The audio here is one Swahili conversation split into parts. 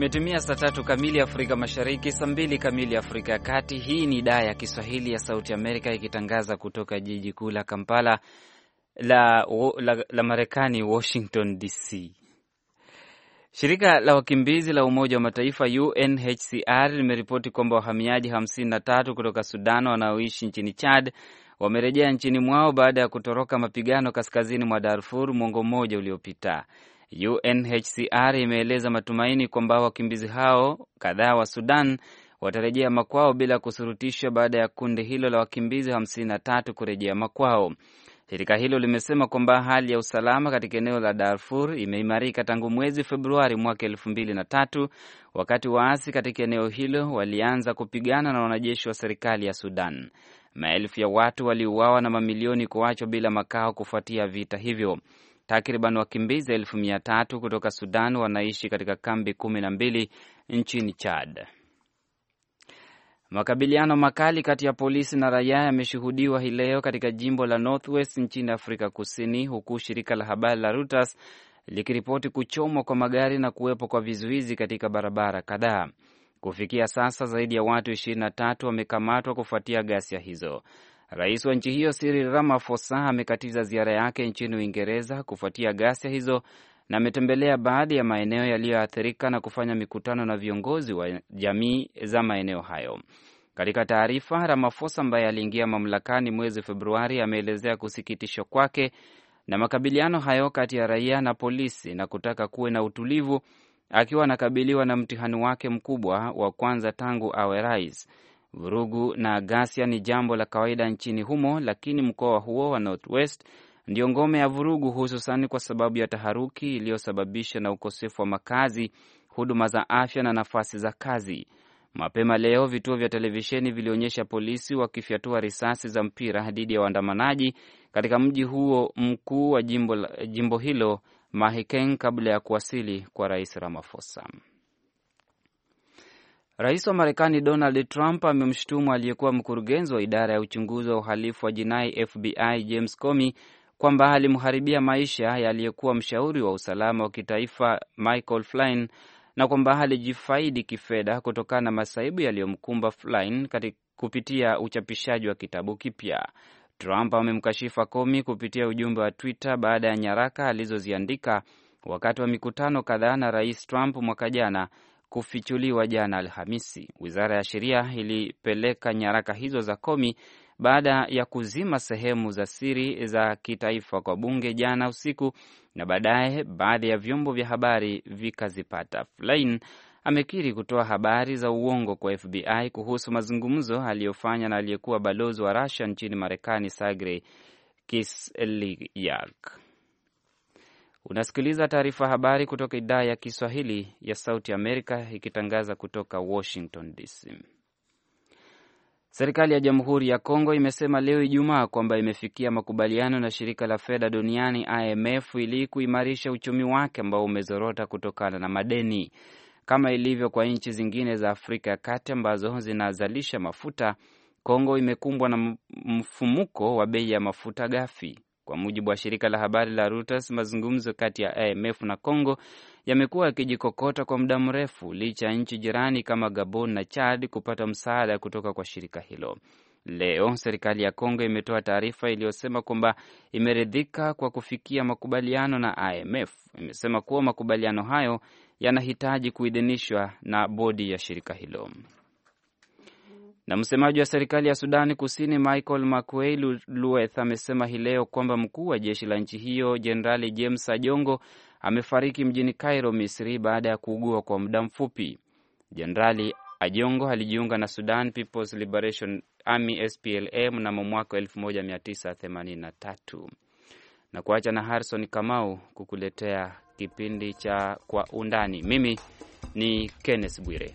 Imetumia saa tatu kamili Afrika Mashariki, saa mbili kamili Afrika ya Kati. Hii ni idhaa ya Kiswahili ya Sauti Amerika ikitangaza kutoka jiji kuu la Kampala la, la, la Marekani, Washington DC. Shirika la wakimbizi la Umoja wa Mataifa UNHCR limeripoti kwamba wahamiaji 53 kutoka Sudan wanaoishi nchini Chad wamerejea nchini mwao baada ya kutoroka mapigano kaskazini mwa Darfur mwongo mmoja uliopita. UNHCR imeeleza matumaini kwamba wakimbizi hao kadhaa wa Sudan watarejea makwao bila kusurutishwa baada ya kundi hilo la wakimbizi 53 kurejea makwao. Shirika hilo limesema kwamba hali ya usalama katika eneo la Darfur imeimarika tangu mwezi Februari mwaka elfu mbili na tatu wakati waasi katika eneo hilo walianza kupigana na wanajeshi wa serikali ya Sudan. Maelfu ya watu waliuawa na mamilioni kuachwa bila makao kufuatia vita hivyo. Takriban wakimbizi elfu mia tatu kutoka Sudan wanaishi katika kambi kumi na mbili nchini Chad. Makabiliano makali kati ya polisi na raia yameshuhudiwa hii leo katika jimbo la Northwest nchini Afrika Kusini, huku shirika la habari la Reuters likiripoti kuchomwa kwa magari na kuwepo kwa vizuizi katika barabara kadhaa. Kufikia sasa zaidi ya watu 23 wamekamatwa kufuatia ghasia hizo. Rais wa nchi hiyo Cyril Ramaphosa amekatiza ziara yake nchini Uingereza kufuatia ghasia hizo na ametembelea baadhi ya maeneo yaliyoathirika na kufanya mikutano na viongozi wa jamii za maeneo hayo. Katika taarifa, Ramaphosa ambaye aliingia mamlakani mwezi Februari ameelezea kusikitishwa kwake na makabiliano hayo kati ya raia na polisi na kutaka kuwe na utulivu, akiwa anakabiliwa na mtihani wake mkubwa wa kwanza tangu awe rais. Vurugu na ghasia ni jambo la kawaida nchini humo, lakini mkoa huo wa Northwest ndio ngome ya vurugu, hususan kwa sababu ya taharuki iliyosababishwa na ukosefu wa makazi, huduma za afya na nafasi za kazi. Mapema leo vituo vya televisheni vilionyesha polisi wakifyatua risasi za mpira dhidi ya waandamanaji katika mji huo mkuu wa jimbo, jimbo hilo Mahikeng kabla ya kuwasili kwa Rais Ramaphosa. Rais wa Marekani Donald Trump amemshutumu aliyekuwa mkurugenzi wa idara ya uchunguzi wa uhalifu wa jinai FBI James Comey kwamba alimharibia maisha yaliyekuwa mshauri wa usalama wa kitaifa Michael Flynn na kwamba alijifaidi kifedha kutokana na masaibu yaliyomkumba Flynn kupitia uchapishaji wa kitabu kipya. Trump amemkashifa Comey kupitia ujumbe wa Twitter baada ya nyaraka alizoziandika wakati wa mikutano kadhaa na Rais Trump mwaka jana kufichuliwa jana Alhamisi. Wizara ya Sheria ilipeleka nyaraka hizo za Komi baada ya kuzima sehemu za siri za kitaifa kwa bunge jana usiku, na baadaye baadhi ya vyombo vya habari vikazipata. Flynn amekiri kutoa habari za uongo kwa FBI kuhusu mazungumzo aliyofanya na aliyekuwa balozi wa Rusia nchini Marekani Sergey Kislyak. Unasikiliza taarifa habari kutoka idhaa ya Kiswahili ya Sauti Amerika ikitangaza kutoka Washington DC. Serikali ya Jamhuri ya Kongo imesema leo Ijumaa kwamba imefikia makubaliano na shirika la fedha duniani IMF ili kuimarisha uchumi wake ambao umezorota kutokana na madeni. Kama ilivyo kwa nchi zingine za Afrika ya Kati ambazo zinazalisha mafuta, Kongo imekumbwa na mfumuko wa bei ya mafuta ghafi. Kwa mujibu wa shirika la habari la Reuters, mazungumzo kati ya IMF na Congo yamekuwa yakijikokota kwa muda mrefu licha ya nchi jirani kama Gabon na Chad kupata msaada kutoka kwa shirika hilo. Leo serikali ya congo imetoa taarifa iliyosema kwamba imeridhika kwa kufikia makubaliano na IMF. Imesema kuwa makubaliano hayo yanahitaji kuidhinishwa na bodi ya shirika hilo. Na msemaji wa serikali ya Sudani Kusini Michael Makuei Lueth amesema hii leo kwamba mkuu wa jeshi la nchi hiyo Jenerali James Ajongo amefariki mjini Cairo, Misri, baada ya kuugua kwa muda mfupi. Jenerali Ajongo alijiunga na Sudan People's Liberation Army SPLA mnamo mwaka 1983 na kuacha na Harrison Kamau kukuletea kipindi cha Kwa Undani. Mimi ni Kenneth Bwire.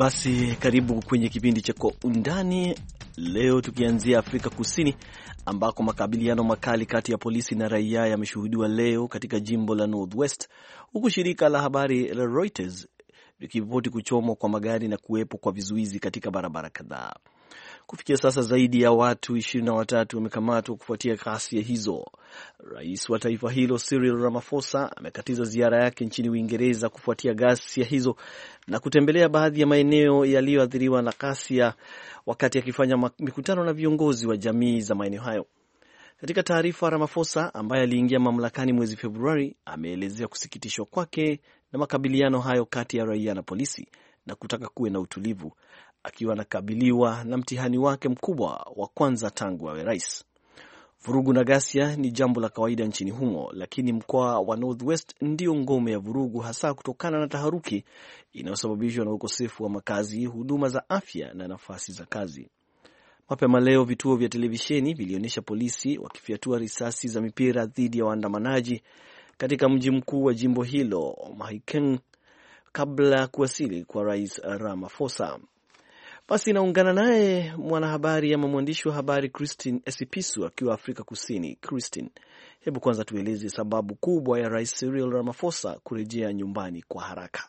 Basi karibu kwenye kipindi cha Kwa Undani leo, tukianzia Afrika Kusini ambako makabiliano makali kati ya polisi na raia yameshuhudiwa leo katika jimbo la Northwest, huku shirika la habari la Reuters likiripoti kuchomwa kwa magari na kuwepo kwa vizuizi katika barabara kadhaa. Kufikia sasa zaidi ya watu ishirini na watatu wamekamatwa kufuatia ghasia hizo. Rais wa taifa hilo Cyril Ramaphosa amekatiza ziara yake nchini Uingereza kufuatia ghasia hizo na kutembelea baadhi ya maeneo yaliyoathiriwa na ghasia, wakati akifanya mikutano na viongozi wa jamii za maeneo hayo. Katika taarifa, Ramaphosa ambaye aliingia mamlakani mwezi Februari ameelezea kusikitishwa kwake na makabiliano hayo kati ya raia na polisi na kutaka kuwe na utulivu akiwa anakabiliwa na mtihani wake mkubwa wa kwanza tangu awe rais. Vurugu na ghasia ni jambo la kawaida nchini humo, lakini mkoa wa Northwest ndio ngome ya vurugu, hasa kutokana na taharuki inayosababishwa na ukosefu wa makazi, huduma za afya na nafasi za kazi. Mapema leo vituo vya televisheni vilionyesha polisi wakifyatua risasi za mipira dhidi ya waandamanaji katika mji mkuu wa jimbo hilo Mahikeng kabla ya kuwasili kwa rais Ramaphosa. Basi naungana naye mwanahabari ama mwandishi wa habari Christine Esipisu akiwa Afrika Kusini. Christine, hebu kwanza tueleze sababu kubwa ya Rais Cyril Ramaphosa kurejea nyumbani kwa haraka.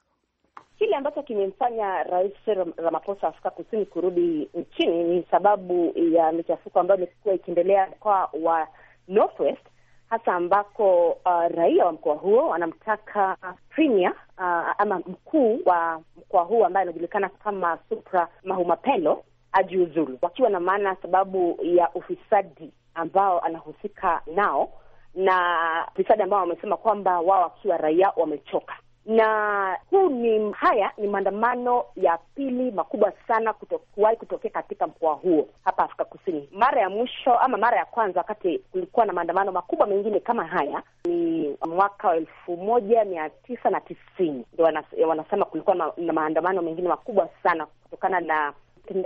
Kile ambacho kimemfanya Rais Ramaphosa Afrika Kusini kurudi nchini ni sababu ya michafuko ambayo imekuwa ikiendelea mkoa wa Northwest hasa ambako uh, raia wa mkoa huo wanamtaka premier uh, ama mkuu wa mkoa huo ambaye anajulikana kama Supra Mahumapelo ajiuzulu, wakiwa na maana sababu ya ufisadi ambao anahusika nao na ufisadi ambao wamesema kwamba wao wakiwa raia wamechoka na huu ni haya ni maandamano ya pili makubwa sana kuwahi kutokea katika mkoa huo hapa Afrika Kusini. Mara ya mwisho ama mara ya kwanza wakati kulikuwa na maandamano makubwa mengine kama haya ni mwaka wa elfu moja mia tisa na tisini ndio wanasema kulikuwa na, na maandamano mengine makubwa sana kutokana na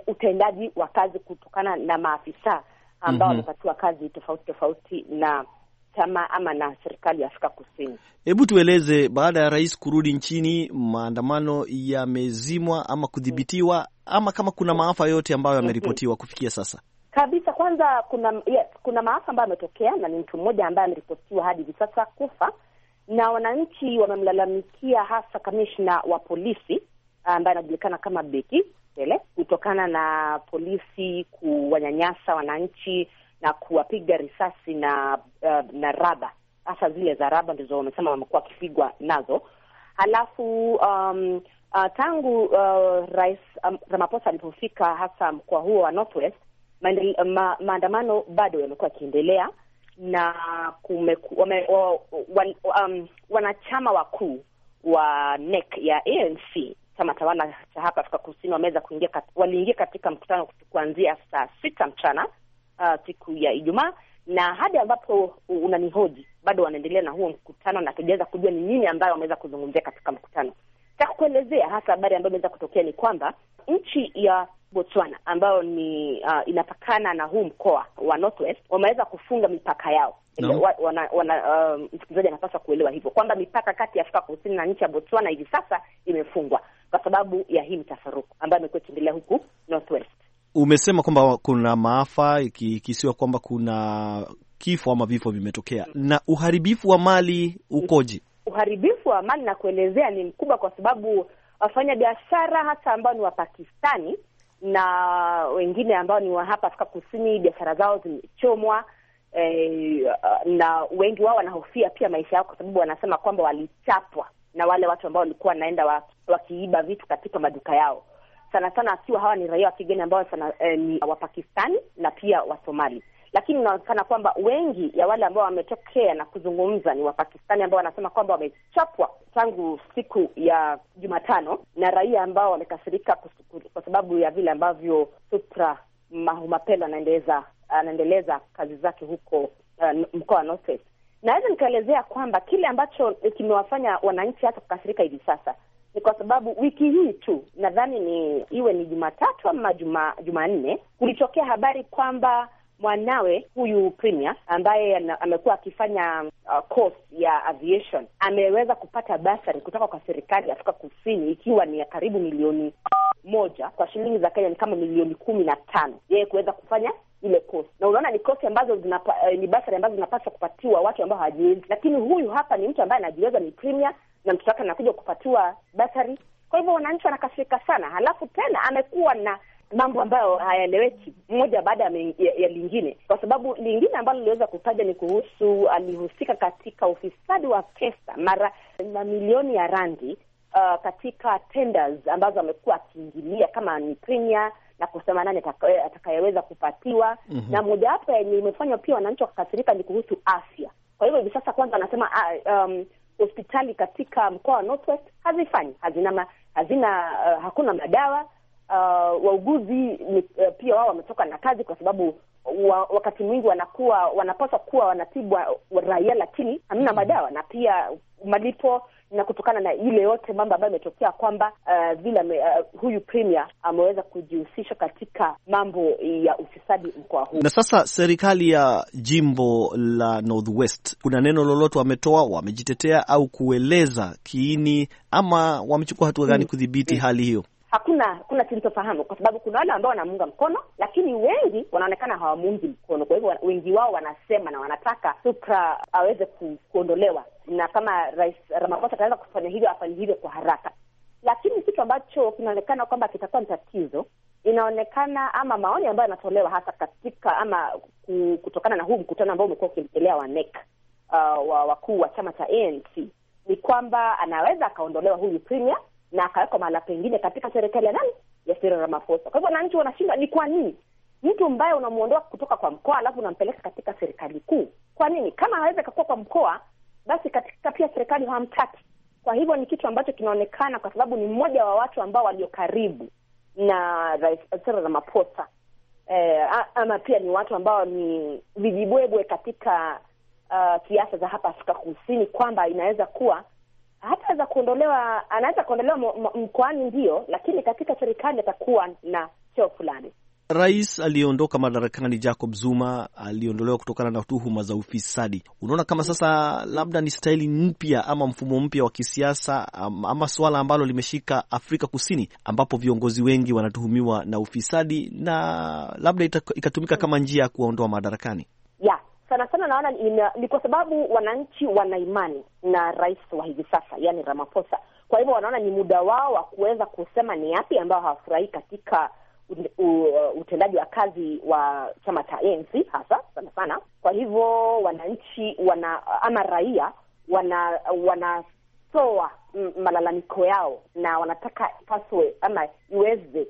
utendaji wa kazi kutokana na maafisa ambao mhm. wamepatiwa mm -hmm. kazi tofauti tofauti na chama ama na serikali ya Afrika Kusini. Hebu tueleze, baada ya rais kurudi nchini, maandamano yamezimwa ama kudhibitiwa ama kama kuna maafa yote ambayo yameripotiwa kufikia sasa? Kabisa, kwanza kuna ya, kuna maafa ambayo yametokea na ni mtu mmoja ambaye ameripotiwa hadi hivi sasa kufa, na wananchi wamemlalamikia hasa kamishna wa polisi ambaye anajulikana kama Beki kutokana na polisi kuwanyanyasa wananchi na kuwapiga risasi na uh, na raba, hasa zile za raba ndizo wamesema wamekuwa wakipigwa nazo. Halafu um, uh, tangu uh, Rais um, Ramaphosa alipofika hasa mkoa huo wa Northwest, ma, maandamano bado yamekuwa yakiendelea na kumeku, wame, wa, wan, um, wanachama wakuu wa NEC ya ANC chama tawala cha hapa Afrika Kusini wameweza kuingia kat, waliingia katika mkutano kuanzia saa sita mchana uh, siku ya Ijumaa na hadi ambapo unanihoji bado wanaendelea na huo mkutano, na tujaweza kujua ni nini ambayo wameweza kuzungumzia katika mkutano. Cha kuelezea hasa habari ambayo imeweza kutokea ni kwamba nchi ya Botswana ambayo ni uh, inapakana na huu mkoa wa Northwest wameweza kufunga mipaka yao. No. Wana, wana, uh, msikilizaji anapaswa kuelewa hivyo kwamba mipaka kati ya Afrika Kusini na nchi ya Botswana hivi sasa imefungwa kwa sababu ya hii mtafaruku ambayo imekuwa ikiendelea huku Northwest. Umesema kwamba kuna maafa ikisiwa kwamba kuna kifo ama vifo vimetokea, na uharibifu wa mali ukoje? Uharibifu wa mali na kuelezea ni mkubwa, kwa sababu wafanya biashara hasa ambao ni Wapakistani na wengine ambao ni wa hapa Afrika Kusini, biashara zao zimechomwa. E, na wengi wao wanahofia pia maisha yao, kwa sababu wanasema kwamba walichapwa na wale watu ambao walikuwa wanaenda wakiiba vitu katika maduka yao sana sana, akiwa hawa ni raia wa kigeni ambao sana, eh, ni Wapakistani na pia Wasomali, lakini inaonekana kwamba wengi ya wale ambao wametokea na kuzungumza ni Wapakistani ambao wanasema kwamba wamechapwa tangu siku ya Jumatano na raia ambao wamekasirika kwa sababu ya vile ambavyo Supra Mahumapelo anaendeleza anaendeleza kazi zake huko uh, mkoa wa Naweza nikaelezea kwamba kile ambacho eh, kimewafanya wananchi hata kukasirika hivi sasa ni kwa sababu wiki hii tu nadhani ni iwe ni Jumatatu ama juma Jumanne kulitokea habari kwamba mwanawe huyu Premier ambaye amekuwa akifanya uh, course ya aviation ameweza kupata basari kutoka kwa serikali ya Afrika Kusini ikiwa ni ya karibu milioni moja kwa shilingi za Kenya ni kama milioni kumi na tano yeye kuweza kufanya ile kosi, na unaona ni kosi ambazo zinapa, eh, ni basari ambazo zinapaswa kupatiwa watu ambao hawajiwezi, lakini huyu hapa ni mtu ambaye anajiweza, ni premier, na mtoto wake anakuja kupatiwa basari. Kwa hivyo wananchi wanakasirika sana, halafu tena amekuwa na mambo ambayo hayaeleweki mmoja baada ya, ya lingine, kwa sababu lingine ambalo liliweza kutaja ni kuhusu alihusika katika ufisadi wa pesa mara mamilioni ya randi uh, katika tenders ambazo amekuwa akiingilia kama ni premier na kusema nani eh, atakayeweza kupatiwa mm -hmm. na mojawapo yenye imefanywa pia wananchi wakakasirika ni kuhusu afya. Kwa hivyo hivi sasa kwanza anasema ah, um, hospitali katika mkoa wa Northwest hazifanyi, hazina ma, hazina uh, hakuna madawa uh, wauguzi uh, pia wao wametoka na kazi kwa sababu wa, wakati mwingi wanakuwa wanapaswa kuwa wanatibwa raia, lakini hamna mm-hmm. madawa na pia malipo na kutokana na ile yote mambo ambayo imetokea kwamba uh, vile uh, huyu premier ameweza kujihusisha katika mambo ya ufisadi mkoa huu. Na sasa serikali ya jimbo la Northwest, kuna neno lolote wametoa, wamejitetea au kueleza kiini ama wamechukua hatua gani mm. kudhibiti hmm, hali hiyo? hakuna hakuna kilichofahamu, kwa sababu kuna wale ambao wanamuunga mkono, lakini wengi wanaonekana hawamuungi mkono. Kwa hivyo wengi wao wanasema na wanataka Supra aweze ku, kuondolewa, na kama Rais ramaposa ataweza kufanya hivyo, afanye hivyo kwa haraka. Lakini kitu ambacho kinaonekana kwamba kitakuwa ni tatizo, inaonekana ama maoni ambayo yanatolewa hasa katika ama kutokana na huu mkutano ambao umekuwa ukiendelea wa nek uh, wa wakuu wa chama cha ANC ni kwamba anaweza akaondolewa huyu premier na akawekwa mahala pengine katika serikali ya nani ya Cyril Ramaphosa. Kwa hivyo wananchi wanashinda, ni kwa nini mtu ambaye unamwondoa kutoka kwa mkoa alafu unampeleka katika serikali kuu? Kwa nini? Kama hawezi akakuwa kwa mkoa, basi katika pia serikali hamtaki. Kwa hivyo ni kitu ambacho kinaonekana, kwa sababu ni mmoja wa watu ambao walio karibu na Rais Cyril Ramaphosa. Eh, ama pia ni watu ambao ni vijibwebwe katika uh, siasa za hapa Afrika Kusini, kwamba inaweza kuwa hata za kuondolewa, anaweza kuondolewa mkoani, ndio, lakini katika serikali atakuwa na cheo fulani. Rais aliyeondoka madarakani Jacob Zuma aliondolewa kutokana na tuhuma za ufisadi. Unaona kama sasa labda ni staili mpya ama mfumo mpya wa kisiasa ama suala ambalo limeshika Afrika Kusini, ambapo viongozi wengi wanatuhumiwa na ufisadi, na labda ita, ikatumika kama njia ya kuwaondoa madarakani maana naona ni kwa sababu wananchi wana imani na rais wa hivi sasa, yani Ramaphosa. Kwa hivyo wanaona ni muda wao wa kuweza kusema ni yapi ambayo hawafurahii katika utendaji wa kazi wa chama cha ANC hasa sana sana. Kwa hivyo wananchi wana ama raia wana wanatoa malalamiko yao na wanataka paswe ama iweze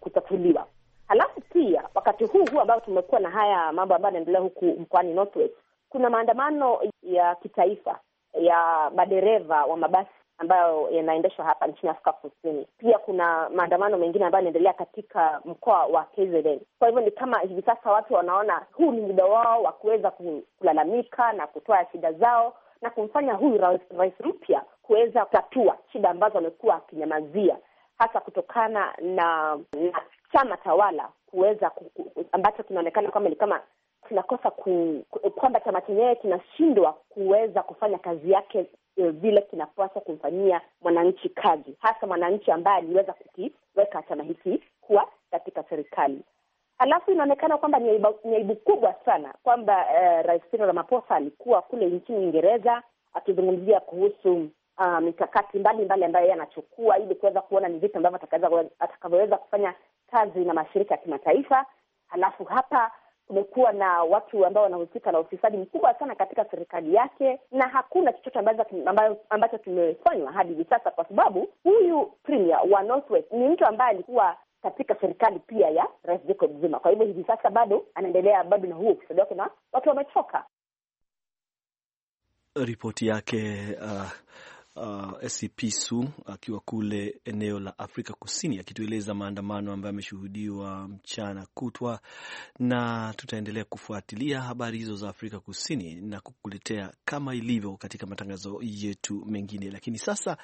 kutatuliwa. Halafu pia wakati huu huu ambao tumekuwa na haya mambo ambayo yanaendelea huku mkoani Northwest, kuna maandamano ya kitaifa ya madereva wa mabasi ambayo yanaendeshwa hapa nchini Afrika Kusini. Pia kuna maandamano mengine ambayo yanaendelea katika mkoa wa KZN. Kwa hivyo ni kama hivi sasa watu wanaona huu ni muda wao wa kuweza kulalamika na kutoa shida zao na kumfanya huyu rais mpya kuweza kutatua shida ambazo amekuwa akinyamazia hasa kutokana na, na chama tawala kuweza ambacho kinaonekana kwamba ni kama kinakosa ku, kwamba chama chenyewe kinashindwa kuweza kufanya kazi yake e, vile kinapaswa kumfanyia mwananchi kazi, hasa mwananchi ambaye aliweza kukiweka chama hiki kuwa katika serikali. Alafu inaonekana kwamba ni aibu kubwa sana kwamba eh, Rais Cyril Ramaphosa alikuwa kule nchini Uingereza akizungumzia kuhusu uh, mikakati mbalimbali ambayo yanachukua ili kuweza kuona ni vipi ambavyo atakavyoweza kufanya kazi na mashirika ya kimataifa. Halafu hapa kumekuwa na watu ambao wanahusika na ufisadi mkubwa sana katika serikali yake, na hakuna chochote ambacho kimefanywa hadi hivi sasa, kwa sababu huyu premier wa Northwest ni mtu ambaye alikuwa katika serikali pia ya Rais Jacob Zuma. Kwa hivyo hivi sasa bado anaendelea bado na huo ufisadi wake, na watu wamechoka ripoti yake. Uh, uh, e Su akiwa kule eneo la Afrika Kusini akitueleza maandamano ambayo ameshuhudiwa mchana kutwa, na tutaendelea kufuatilia habari hizo za Afrika Kusini na kukuletea kama ilivyo katika matangazo yetu mengine. Lakini sasa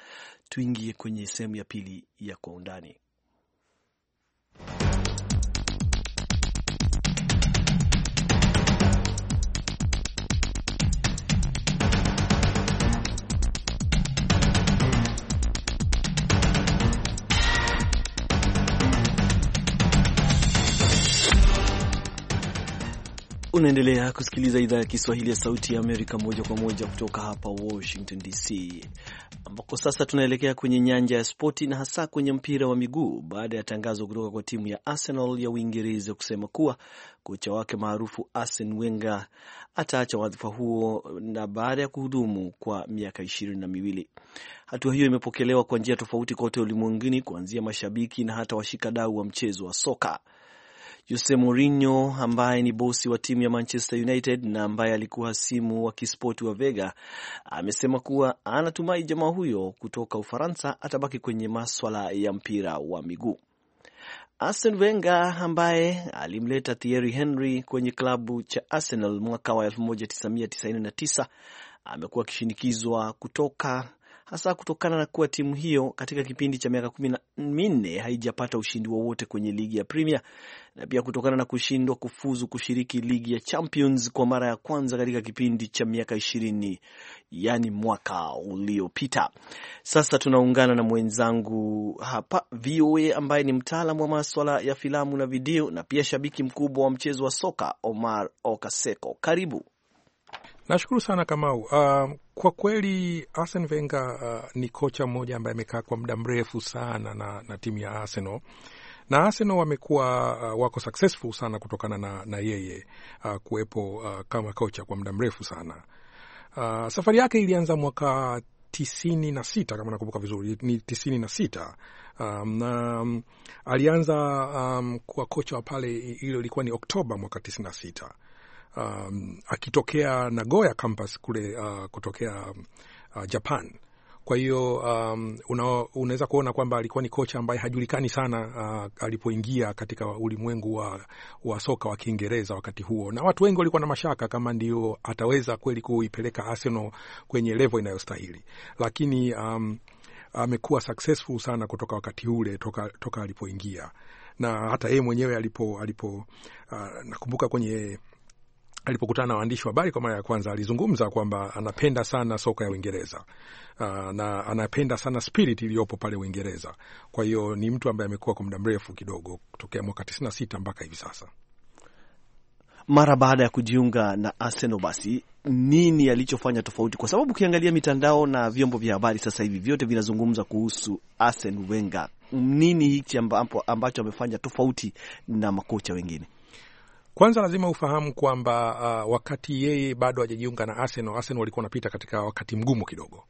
tuingie kwenye sehemu ya pili ya Kwa Undani. Unaendelea kusikiliza idhaa ya Kiswahili ya Sauti ya Amerika moja kwa moja kutoka hapa Washington DC, ambako sasa tunaelekea kwenye nyanja ya spoti na hasa kwenye mpira wa miguu baada ya tangazo kutoka kwa timu ya Arsenal ya Uingereza kusema kuwa kocha wake maarufu Arsene Wenger ataacha wadhifa huo na baada ya kuhudumu kwa miaka ishirini na miwili. Hatua hiyo imepokelewa kwa njia tofauti kote ulimwenguni, kuanzia mashabiki na hata washikadau wa mchezo wa soka. Jose Mourinho ambaye ni bosi wa timu ya Manchester United na ambaye alikuwa hasimu wa kispoti wa Vega amesema kuwa anatumai jamaa huyo kutoka Ufaransa atabaki kwenye maswala ya mpira wa miguu. Arsene Wenger ambaye alimleta Thierry Henry kwenye klabu cha Arsenal mwaka wa 1999 amekuwa akishinikizwa kutoka hasa kutokana na kuwa timu hiyo katika kipindi cha miaka kumi na minne haijapata ushindi wowote kwenye ligi ya Premier na pia kutokana na kushindwa kufuzu kushiriki ligi ya Champions kwa mara ya kwanza katika kipindi cha miaka ishirini yani mwaka uliopita. Sasa tunaungana na mwenzangu hapa VOA ambaye ni mtaalamu wa maswala ya filamu na video na pia shabiki mkubwa wa mchezo wa soka Omar Okaseko. Karibu. Nashukuru sana Kamau. Uh, kwa kweli Arsene Wenger uh, ni kocha mmoja ambaye amekaa kwa muda mrefu sana na, na timu ya Arsenal na Arsenal wamekuwa uh, wako successful sana kutokana na, na yeye uh, kuwepo uh, kama kocha kwa muda mrefu sana. Uh, safari yake ilianza mwaka tisini na sita kama nakumbuka vizuri, ni tisini na sita um, um, alianza um, kuwa kocha wa pale, hilo ilikuwa ni Oktoba mwaka tisini na sita um, akitokea Nagoya campus kule uh, kutokea uh, Japan. Kwa hiyo um, unaweza kuona kwamba alikuwa ni kocha ambaye hajulikani sana uh, alipoingia katika ulimwengu wa, wa soka wa Kiingereza wakati huo, na watu wengi walikuwa na mashaka kama ndio ataweza kweli kuipeleka Arsenal kwenye level inayostahili, lakini um, amekuwa successful sana kutoka wakati ule toka, toka alipoingia, na hata yeye mwenyewe alipo, alipo uh, nakumbuka kwenye alipokutana na waandishi wa habari kwa mara ya kwanza alizungumza kwamba anapenda sana soka ya Uingereza ah, na anapenda sana spirit iliyopo pale Uingereza. Kwa hiyo ni mtu ambaye amekuwa kwa muda mrefu kidogo, tokea mwaka sita mpaka hivi sasa. Mara baada ya kujiunga na Arsenal, basi nini alichofanya tofauti? Kwa sababu ukiangalia mitandao na vyombo vya habari sasa hivi vyote vinazungumza kuhusu Arsene Wenger. Nini hichi ambacho amefanya tofauti na makocha wengine? Kwanza lazima ufahamu kwamba uh, wakati yeye bado hajajiunga na Arsenal, Arsenal walikuwa wanapita katika wakati mgumu kidogo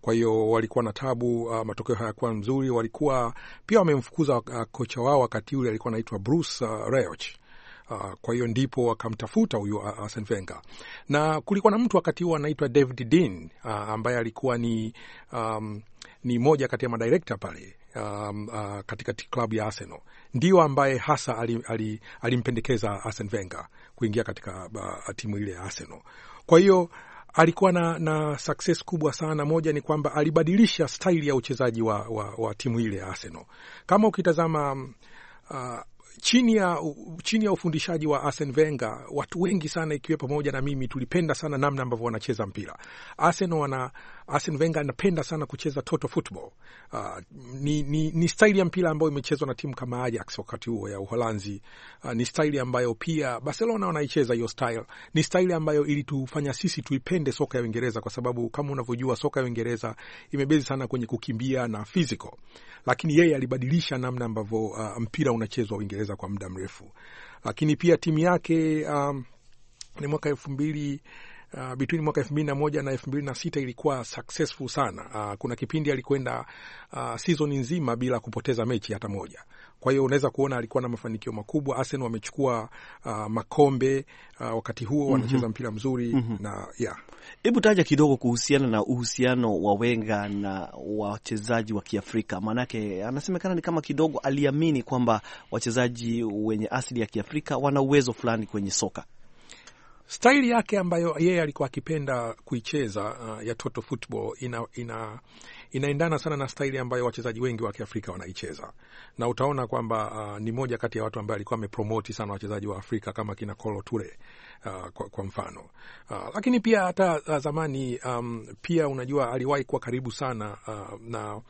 kwa hiyo walikuwa na tabu uh, matokeo hayakuwa mzuri. Walikuwa pia wamemfukuza uh, kocha wao wakati ule alikuwa anaitwa Bruce uh, Reoch. Uh, kwa hiyo ndipo wakamtafuta huyu uh, Arsene Wenger na kulikuwa na mtu wakati huo anaitwa David Dean uh, ambaye alikuwa ni um, ni moja kati ya madirekta pale um, uh, katika klabu ya Arsenal ndio ambaye hasa alimpendekeza ali, ali Arsene Wenger kuingia katika uh, timu ile ya Arsenal. Kwa hiyo alikuwa na, na success kubwa sana. Moja ni kwamba alibadilisha staili ya uchezaji wa, wa, wa timu ile ya Arsenal. Kama ukitazama um, uh, chini ya, chini ya ufundishaji wa Arsene Wenger, watu wengi sana ikiwe pamoja na mimi tulipenda sana namna ambavyo wanacheza mpira. Arsenal wana Arsene Wenger anapenda sana kucheza toto football. Uh, ni, ni, ni staili ya mpira ambayo imechezwa na timu kama Ajax wakati huo ya Uholanzi. Uh, ni staili ambayo pia Barcelona wanaicheza hiyo style. Ni staili ambayo ilitufanya sisi tuipende soka ya Uingereza kwa sababu kama unavyojua soka ya Uingereza imebezi sana kwenye kukimbia na physical. Lakini yeye alibadilisha namna ambavyo uh, mpira unachezwa Uingereza kwa muda mrefu. Lakini pia timu yake um, ni mwaka elfu mbili uh, between mwaka elfu mbili na moja na elfu mbili na sita ilikuwa successful sana. Uh, kuna kipindi alikwenda uh, season nzima bila kupoteza mechi hata moja. Kwa hiyo unaweza kuona alikuwa na mafanikio makubwa. Arsenal wamechukua uh, makombe uh, wakati huo mm -hmm. wanacheza mpira mzuri mm -hmm. na yeah. Hebu taja kidogo kuhusiana na uhusiano wa Wenga na wachezaji wa Kiafrika, maanake anasemekana ni kama kidogo aliamini kwamba wachezaji wenye asili ya Kiafrika wana uwezo fulani kwenye soka staili yake ambayo yeye alikuwa akipenda kuicheza uh, ya Toto football ina, ina inaendana sana na staili ambayo wachezaji wengi wa Kiafrika wanaicheza na utaona kwamba uh, ni moja kati ya watu ambaye alikuwa amepromoti sana wachezaji wa Afrika kama kina Kolo Ture uh, kwa, kwa mfano uh, lakini pia hata uh, zamani um, pia unajua aliwahi kuwa karibu sana uh, na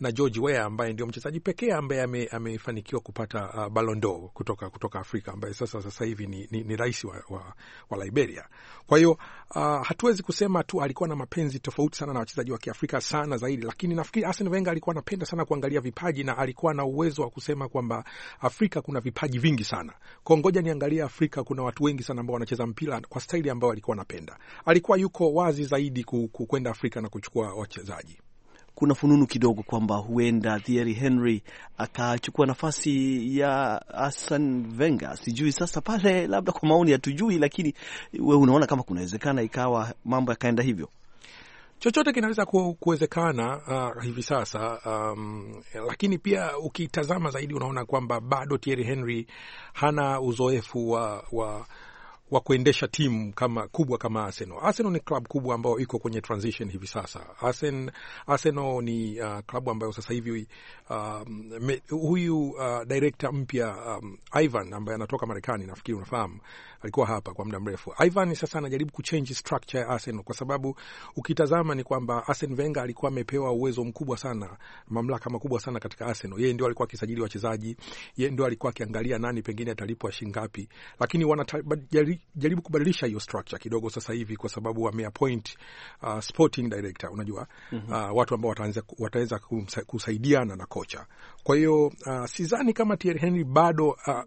na George Weah ambaye ndio mchezaji pekee ambaye ame, amefanikiwa kupata uh, Ballon d'Or kutoka, kutoka Afrika ambaye sasa, sasa hivi ni, ni, ni rais wa, wa, wa Liberia. Kwa hiyo uh, hatuwezi kusema tu alikuwa na mapenzi tofauti sana na wachezaji wa Kiafrika sana zaidi, lakini nafikiri Arsene Wenger alikuwa anapenda sana kuangalia vipaji na alikuwa na uwezo wa kusema kwamba Afrika kuna vipaji vingi sana kwa ngoja niangalie Afrika kuna watu wengi sana ambao wanacheza mpira kwa staili ambayo alikuwa anapenda. Alikuwa yuko wazi zaidi ku, kwenda Afrika na kuchukua wachezaji kuna fununu kidogo kwamba huenda Thierry Henry akachukua nafasi ya Arsene Wenger. Sijui sasa pale, labda kwa maoni hatujui, lakini wewe unaona kama kunawezekana ikawa mambo yakaenda hivyo chochote kinaweza kuwezekana uh, hivi sasa um, lakini pia ukitazama zaidi unaona kwamba bado Thierry Henry hana uzoefu wa, wa wa kuendesha timu kama kubwa kama Arsenal. Arsenal ni klabu kubwa ambayo iko kwenye transition hivi sasa. Arsen, Arsenal ni uh, klabu ambayo sasa hivi um, huyu uh, director mpya um, Ivan ambaye anatoka Marekani, nafikiri unafahamu alikuwa hapa kwa muda mrefu. Ivan sasa anajaribu kuchange structure ya Arsenal kwa sababu ukitazama ni kwamba Arsene Wenger alikuwa amepewa uwezo mkubwa sana, mamlaka makubwa sana katika Arsenal. Yeye ndio alikuwa akisajili wachezaji, yeye ndio alikuwa akiangalia nani pengine atalipwa shilingi ngapi, lakini wanajaribu kubadilisha hiyo structure kidogo sasa hivi kwa sababu wameappoint uh, sporting director, unajua mm -hmm. uh, watu ambao wataanza wataweza kusaidiana na kocha. Kwa hiyo uh, sidhani kama Thierry Henry bado uh,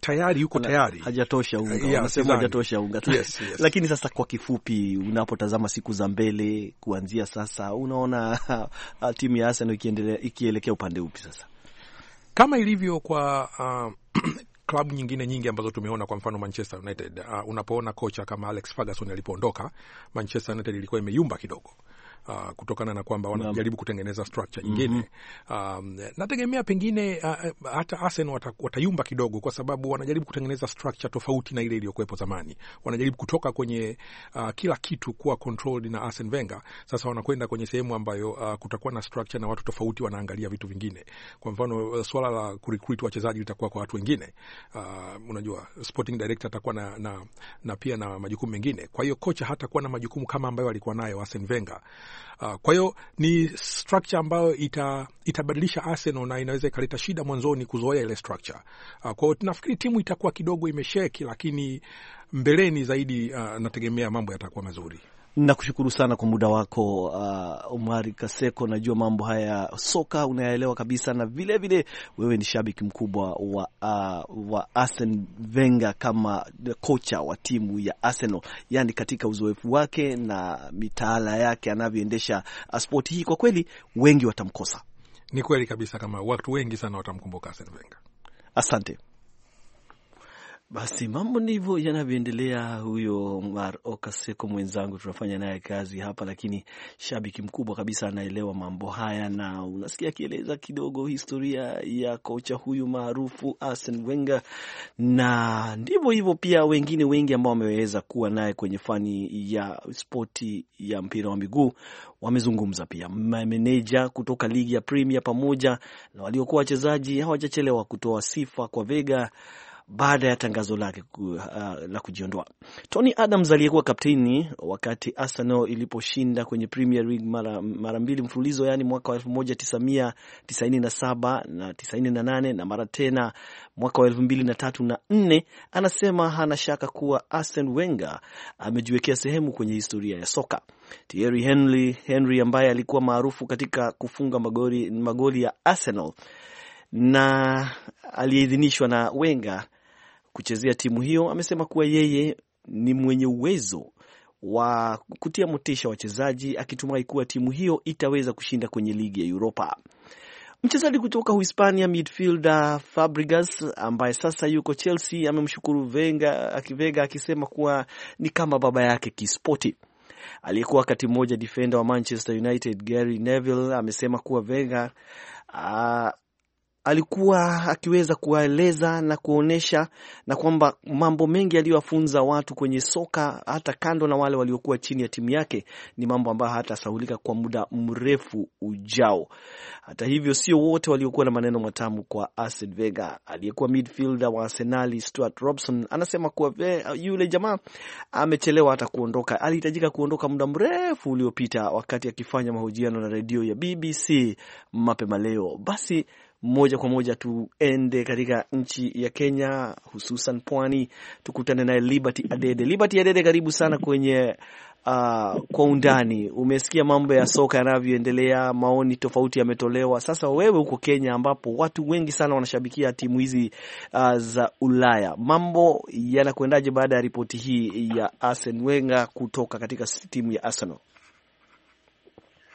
tayari yuko tayari hajatosha unga unasema hajatosha unga. Yes, yes. Lakini sasa kwa kifupi, unapotazama siku za mbele kuanzia sasa, unaona uh, timu ya Arsenal ikiendelea ikielekea upande upi sasa, kama ilivyo kwa uh, klabu nyingine nyingi ambazo tumeona, kwa mfano Manchester United. Uh, unapoona kocha kama Alex Ferguson alipoondoka, Manchester United ilikuwa imeyumba kidogo uh, kutokana na kwamba wanajaribu kutengeneza structure mhm. nyingine mm -hmm. um, nategemea pengine uh, uh, hata Arsenal wata, watayumba kidogo, kwa sababu wanajaribu kutengeneza structure tofauti na ile iliyokuwepo zamani. Wanajaribu kutoka kwenye uh, kila kitu kuwa controlled na Arsene Wenger. Sasa wanakwenda kwenye sehemu ambayo uh, kutakuwa na structure na watu tofauti wanaangalia vitu vingine. Kwa mfano uh, swala la kurecruit wachezaji litakuwa kwa watu wengine. Uh, unajua sporting director atakuwa na, na, na pia na majukumu mengine. Kwa hiyo kocha hatakuwa na majukumu kama ambayo alikuwa nayo Arsene Wenger. Uh, kwa hiyo ni structure ambayo ita, itabadilisha Arsenal na inaweza ikaleta shida mwanzoni kuzoea ile structure. Uh, kwa hiyo tunafikiri timu itakuwa kidogo imesheki, lakini mbeleni zaidi, uh, nategemea mambo yatakuwa mazuri. Nakushukuru sana kwa muda wako uh, Omari Kaseko. Najua mambo haya ya soka unayaelewa kabisa, na vilevile vile, wewe ni shabiki mkubwa wa, uh, wa Arsene Wenger kama kocha wa timu ya Arsenal, yani katika uzoefu wake na mitaala yake anavyoendesha uh, spoti hii, kwa kweli wengi watamkosa. Ni kweli kabisa, kama watu wengi sana watamkumbuka Arsene Wenger. Asante. Basi mambo ndivyo yanavyoendelea. Huyo Mar Okaseko mwenzangu tunafanya naye kazi hapa, lakini shabiki mkubwa kabisa, anaelewa mambo haya, na unasikia akieleza kidogo historia ya kocha huyu maarufu Arsene Wenger, na ndivyo hivyo pia wengine wengi ambao wameweza kuwa naye kwenye fani ya spoti ya mpira wa miguu wamezungumza pia, mameneja kutoka ligi ya Premier pamoja na waliokuwa wachezaji hawajachelewa kutoa sifa kwa Vega baada ya tangazo lake uh, la kujiondoa. Tony Adams aliyekuwa kapteni wakati Arsenal iliposhinda kwenye Premier League mara, mara mbili mfululizo, yani mwaka wa 1997 na 98 na, na mara tena mwaka wa mbili na nne anasema hana shaka kuwa Arsene Wenger amejiwekea sehemu kwenye historia ya soka. Thierry Henry, Henry ambaye alikuwa maarufu katika kufunga magoli, magoli ya Arsenal na aliyeidhinishwa na Wenger kuchezea timu hiyo, amesema kuwa yeye ni mwenye uwezo wa kutia motisha wachezaji, akitumai kuwa timu hiyo itaweza kushinda kwenye ligi ya uropa Mchezaji kutoka Uhispania midfielder Fabregas ambaye sasa yuko Chelsea amemshukuru Venga akivega akisema kuwa ni kama baba yake kispoti. Aliyekuwa wakati mmoja defender wa Manchester United Gary Neville amesema kuwa Venga ah, alikuwa akiweza kuwaeleza na kuonyesha na kwamba mambo mengi aliyowafunza watu kwenye soka hata kando na wale waliokuwa chini ya timu yake ni mambo ambayo hatasahulika kwa muda mrefu ujao. Hata hivyo, sio wote waliokuwa na maneno matamu kwa Arsene Wenger. Aliyekuwa midfielder wa Arsenali Stuart Robson anasema kuwa yule jamaa amechelewa hata kuondoka, alihitajika kuondoka muda mrefu uliopita, wakati akifanya mahojiano na redio ya BBC mapema leo. Basi moja kwa moja tuende katika nchi ya Kenya, hususan pwani, tukutane naye Liberty Adede. Liberty Adede, karibu sana kwenye uh, kwa undani. Umesikia mambo ya soka yanavyoendelea, maoni tofauti yametolewa. Sasa wewe huko Kenya, ambapo watu wengi sana wanashabikia timu hizi uh, za Ulaya, mambo yanakwendaje baada ya ripoti hii ya Arsene Wenger kutoka katika timu ya Arsenal?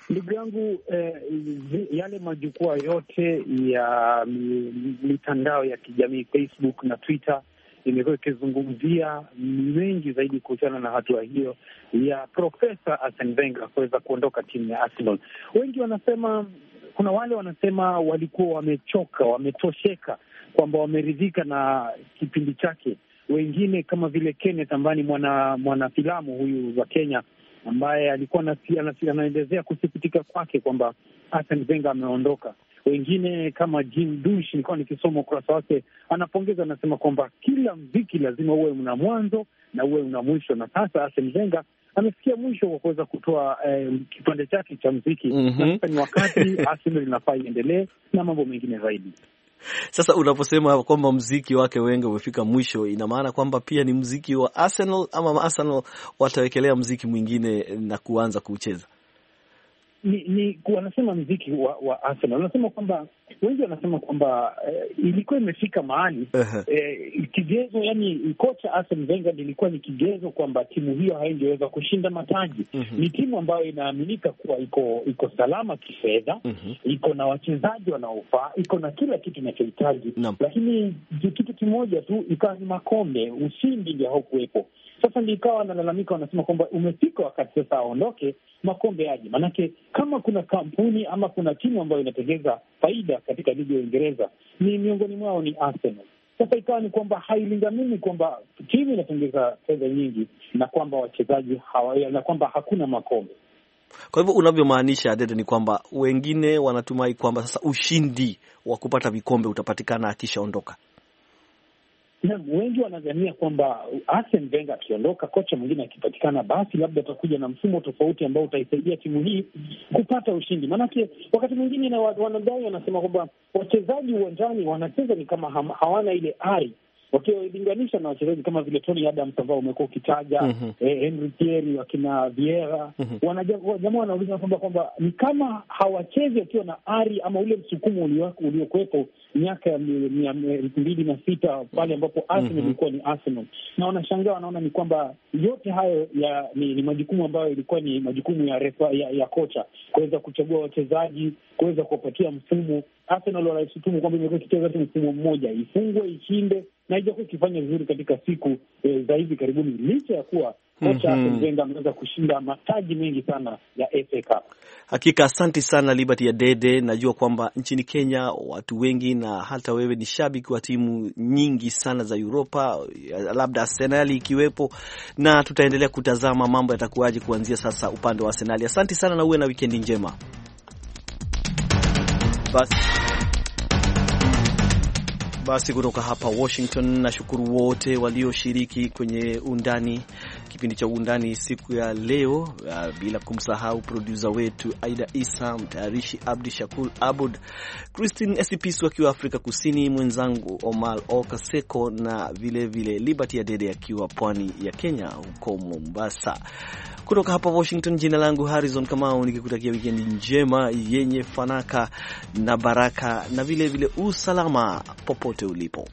Ndugu yangu eh, yale majukwaa yote ya mitandao ya kijamii Facebook na Twitter imekuwa ikizungumzia mengi zaidi kuhusiana na hatua hiyo ya Profesa Arsene Wenger kuweza kuondoka timu ya Arsenal. Wengi wanasema, kuna wale wanasema walikuwa wamechoka, wametosheka, kwamba wameridhika na kipindi chake. Wengine kama vile Kenneth ambaye ni mwana mwanafilamu huyu wa Kenya ambaye alikuwa anaelezea kusikitika kwake kwamba Arsene Wenger ameondoka. Wengine kama Jim Dush, nilikuwa nikisoma ukurasa wake, anapongeza anasema kwamba kila mziki lazima uwe una mwanzo na uwe una mwisho, na sasa Arsene Wenger amefikia mwisho kwa kuweza kutoa eh, kipande chake cha mziki mm -hmm. Na sasa ni wakati Arsenal inafaa iendelee na mambo mengine zaidi. Sasa unaposema kwamba mziki wake wenge umefika mwisho, ina maana kwamba pia ni mziki wa Arsenal ama Arsenal watawekelea mziki mwingine na kuanza kuucheza? ni, ni wanasema mziki wa, wa Arsenal wanasema kwamba wengi wanasema kwamba eh, ilikuwa imefika mahali eh, kigezo yani, kocha Arsene Wenger ilikuwa ni kigezo kwamba timu hiyo haingeweza kushinda mataji. mm -hmm. Ni timu ambayo inaaminika kuwa iko iko salama kifedha, mm -hmm. iko na wachezaji wanaofaa, iko na kila kitu inachohitaji no. Lakini kitu kimoja tu ikawa ni makombe, ushindi ndio haukuwepo. Sasa ndio ikawa wanalalamika, wanasema kwamba umefika wakati sasa aondoke, makombe yaje, maanake kama kuna kampuni ama kuna timu ambayo inatengeza faida katika ligi ya Uingereza ni miongoni mwao ni Arsenal. Sasa ikawa ni kwamba hailingamini kwamba timu inatengeza fedha nyingi na kwamba wachezaji hawa na kwamba hakuna makombe. Kwa hivyo unavyomaanisha Dede ni kwamba wengine wanatumai kwamba sasa ushindi wa kupata vikombe utapatikana akishaondoka. Naam, wengi wanadhania kwamba Arsene Wenger akiondoka, kocha mwingine akipatikana, basi labda atakuja na mfumo tofauti ambao utaisaidia timu hii kupata ushindi. Maanake wakati mwingine wanadai, wanasema kwamba wachezaji uwanjani wanacheza ni kama hawana ile ari wakiwalinganisha na wachezaji kama vile Tony Adams ambao umekuwa ukitaja mm -hmm. eh, Henry Thierry wakina Vieira mm -hmm. jamaa wanauliza kwamba kwamba ni kama hawachezi wakiwa na ari ama ule msukumo uliokuwepo miaka ya elfu mbili na sita pale ambapo mhm. Arsenal ilikuwa mm -hmm. ni Arsenal, na wanashangaa wanaona ni kwamba yote hayo ya ni, ni majukumu ambayo ilikuwa ni majukumu ya refa, ya, ya kocha kuweza kuchagua wachezaji, kuweza kuwapatia mfumo Arsenal wanashutumu kwamba imekuwa ikicheza tu mfumo mmoja, ifungwe, ishinde, na haijakuwa ikifanya vizuri katika siku e, za hivi karibuni, licha ya kuwa kocha mm -hmm. Wenger ameweza kushinda mataji mengi sana ya FA Cup. Hakika, asante sana Liberty ya Dede. Najua kwamba nchini Kenya watu wengi na hata wewe ni shabiki wa timu nyingi sana za Uropa, labda Arsenali ikiwepo, na tutaendelea kutazama mambo yatakuwaje kuanzia sasa upande wa Arsenali. Asante sana na uwe na wikendi njema basi, basi kutoka hapa Washington, nashukuru wote walioshiriki kwenye undani kipindi cha Undani siku ya leo uh, bila kumsahau produsa wetu Aida Isa, mtayarishi Abdi Shakul Abud, Christine Esipisu akiwa Afrika Kusini, mwenzangu omar Okaseko na vilevile Liberty Adede akiwa pwani ya Kenya huko Mombasa. Kutoka hapa Washington, jina langu Harrison Kamau, nikikutakia wikendi njema yenye fanaka na baraka na vilevile vile usalama popote ulipo.